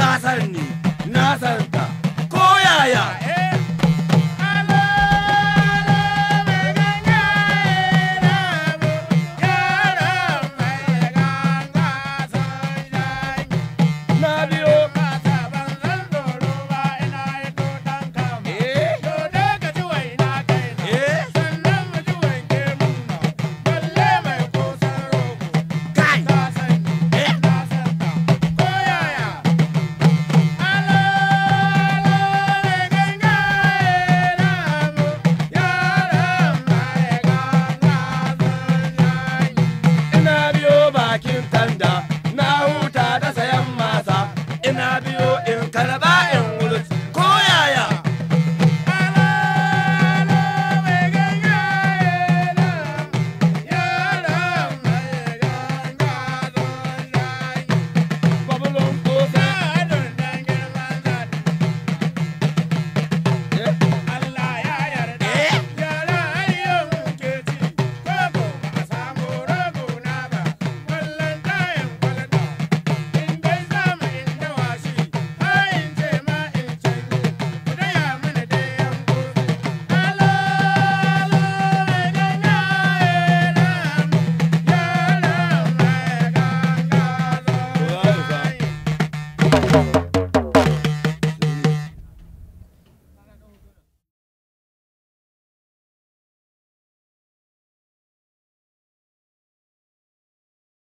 thousand.